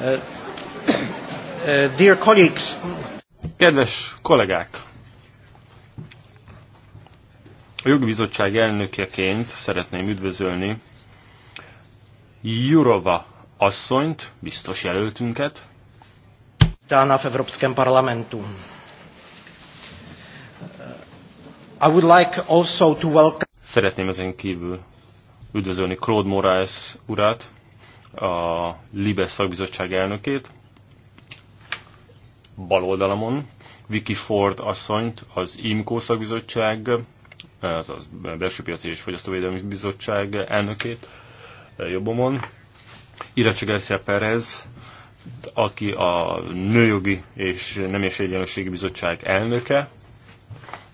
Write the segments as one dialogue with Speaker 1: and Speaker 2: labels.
Speaker 1: Uh, uh, dear colleagues. Kedves kollégák! A jogi bizottság elnökeként szeretném üdvözölni Jurova asszonyt, biztos jelöltünket. Dána v Európskem parlamentu. Uh, I would like also to welcome... Szeretném ezen kívül üdvözölni Claude Moraes urát, a Libe szakbizottság elnökét, bal oldalamon, Vicky Ford asszonyt, az IMCO szakbizottság, a Belső Piaci és Fogyasztóvédelmi Bizottság elnökét, eh, jobbomon, Iracsi Garcia Perez, aki a Nőjogi és és Egyenlőségi Bizottság elnöke,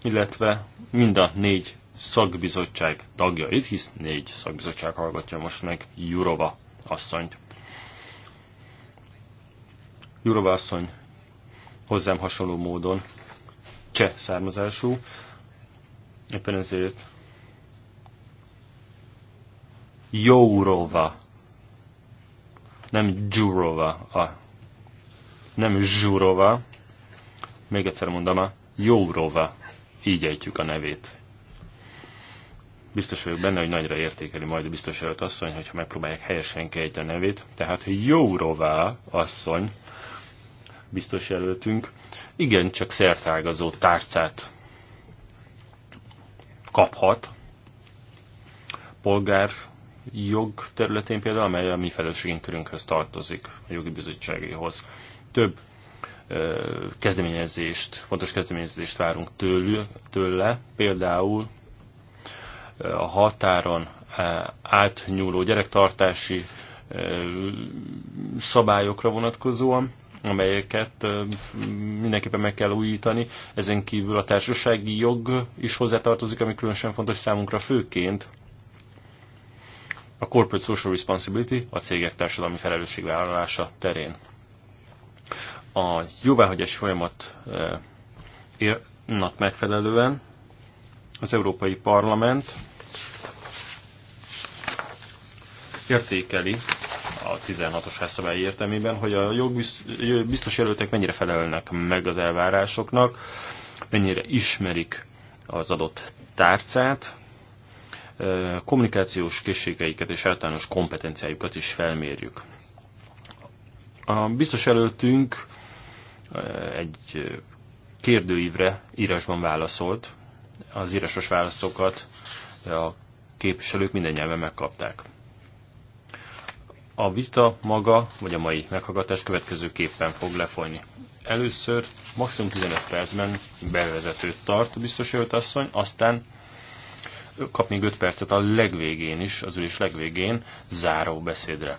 Speaker 1: illetve mind a négy szakbizottság tagjait, hisz négy szakbizottság hallgatja most meg Jurova asszonyt. Jurova asszony hozzám hasonló módon cseh származású, éppen ezért Jourova, nem Gyurova, a, nem Zsurova, még egyszer mondom, a Jourova, így ejtjük a nevét. Biztos vagyok benne, hogy nagyra értékeli majd a biztos előtt asszony, hogyha megpróbálják helyesen kejteni a nevét. Tehát Jourová asszony, biztos előttünk. igen, csak szertágazó tárcát kaphat. Polgár jog területén például, amely a mi felelősségünk tartozik, a jogi bizottságéhoz. Több kezdeményezést, fontos kezdeményezést várunk tőlük, tőle, például a határon e, átnyúló gyerektartási e, szabályokra vonatkozóan, amelyeket e, mindenképpen meg kell újítani. Ezen kívül a társasági jog is hozzátartozik, ami különösen fontos számunkra főként a Corporate Social Responsibility, a cégek társadalmi felelősségvállalása terén. A jóváhagyási folyamat megfelelően az Európai Parlament értékeli a 16-os házszabály értelmében, hogy a jogbiztos jelöltek mennyire felelnek meg az elvárásoknak, mennyire ismerik az adott tárcát, kommunikációs készségeiket és általános kompetenciájukat is felmérjük. A biztos előttünk egy kérdőívre írásban válaszolt, az írásos válaszokat a képviselők minden nyelven megkapták. A vita maga, vagy a mai meghallgatás következőképpen fog lefolyni. Először maximum 15 percben bevezetőt tart a biztos asszony, aztán kap még 5 percet a legvégén is, az ülés legvégén záró beszédre.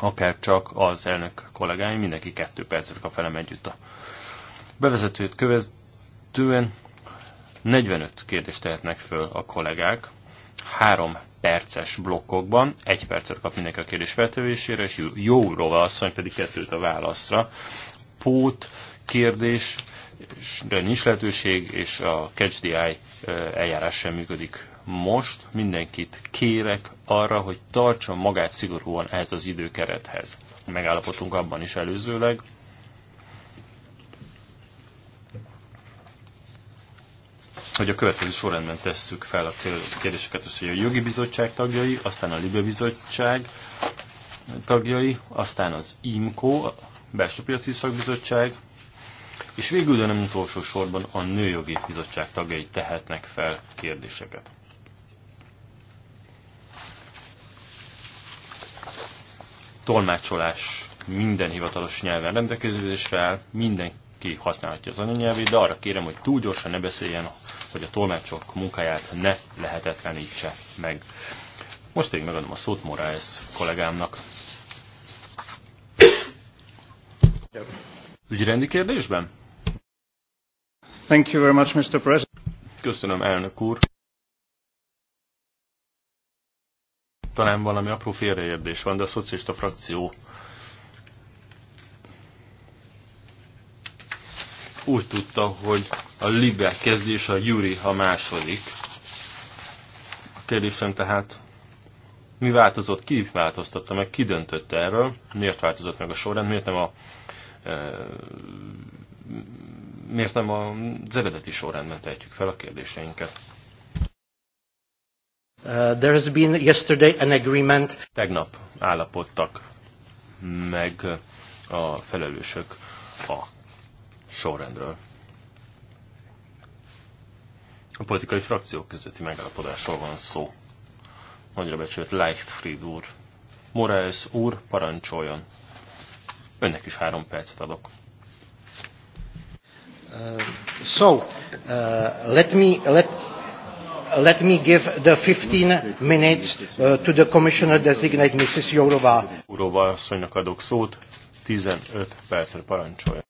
Speaker 1: Akár csak az elnök kollégáim, mindenki 2 percet kap velem együtt a bevezetőt követően 45 kérdést tehetnek föl a kollégák, három perces blokkokban, egy percet kap mindenki a kérdés feltevésére, és Jórova asszony pedig kettőt a válaszra. Pót, kérdés, de nincs lehetőség, és a Catch the Eye eljárás sem működik most. Mindenkit kérek arra, hogy tartson magát szigorúan ehhez az időkerethez. Megállapodtunk abban is előzőleg, hogy a következő sorrendben tesszük fel a kérdéseket, az, hogy a jogi bizottság tagjai, aztán a Libe bizottság tagjai, aztán az IMCO, a belső piaci szakbizottság, és végül, de nem utolsó sorban a Nőjogi Bizottság tagjai tehetnek fel kérdéseket. Tolmácsolás minden hivatalos nyelven rendelkezésre áll, mindenki használhatja az anyanyelvét, de arra kérem, hogy túl gyorsan ne beszéljen, hogy a tolmácsok munkáját ne lehetetlenítse meg. Most pedig megadom a szót Moraes kollégámnak. Ügyrendi kérdésben? Thank you very much, Mr. President. Köszönöm, elnök úr. Talán valami apró félreérdés van, de a szocialista frakció úgy tudta, hogy a Libe kezdés a Juri a második. A kérdésem tehát, mi változott, ki változtatta meg, ki döntött erről, miért változott meg a sorrend, miért nem a e, miért nem az eredeti sorrendben tehetjük fel a kérdéseinket. Uh, there has been yesterday an agreement. Tegnap állapodtak meg a felelősök a sorrendről. A politikai frakciók közötti megállapodásról van szó. Nagyra becsült Leichtfried úr. Moraes úr, parancsoljon. Önnek is három percet adok. Uh, so, uh, let me, let, let me give the 15 minutes uh, to the commissioner designate Mrs. Jourova. Jourova asszonynak adok szót, 15 percre parancsolja.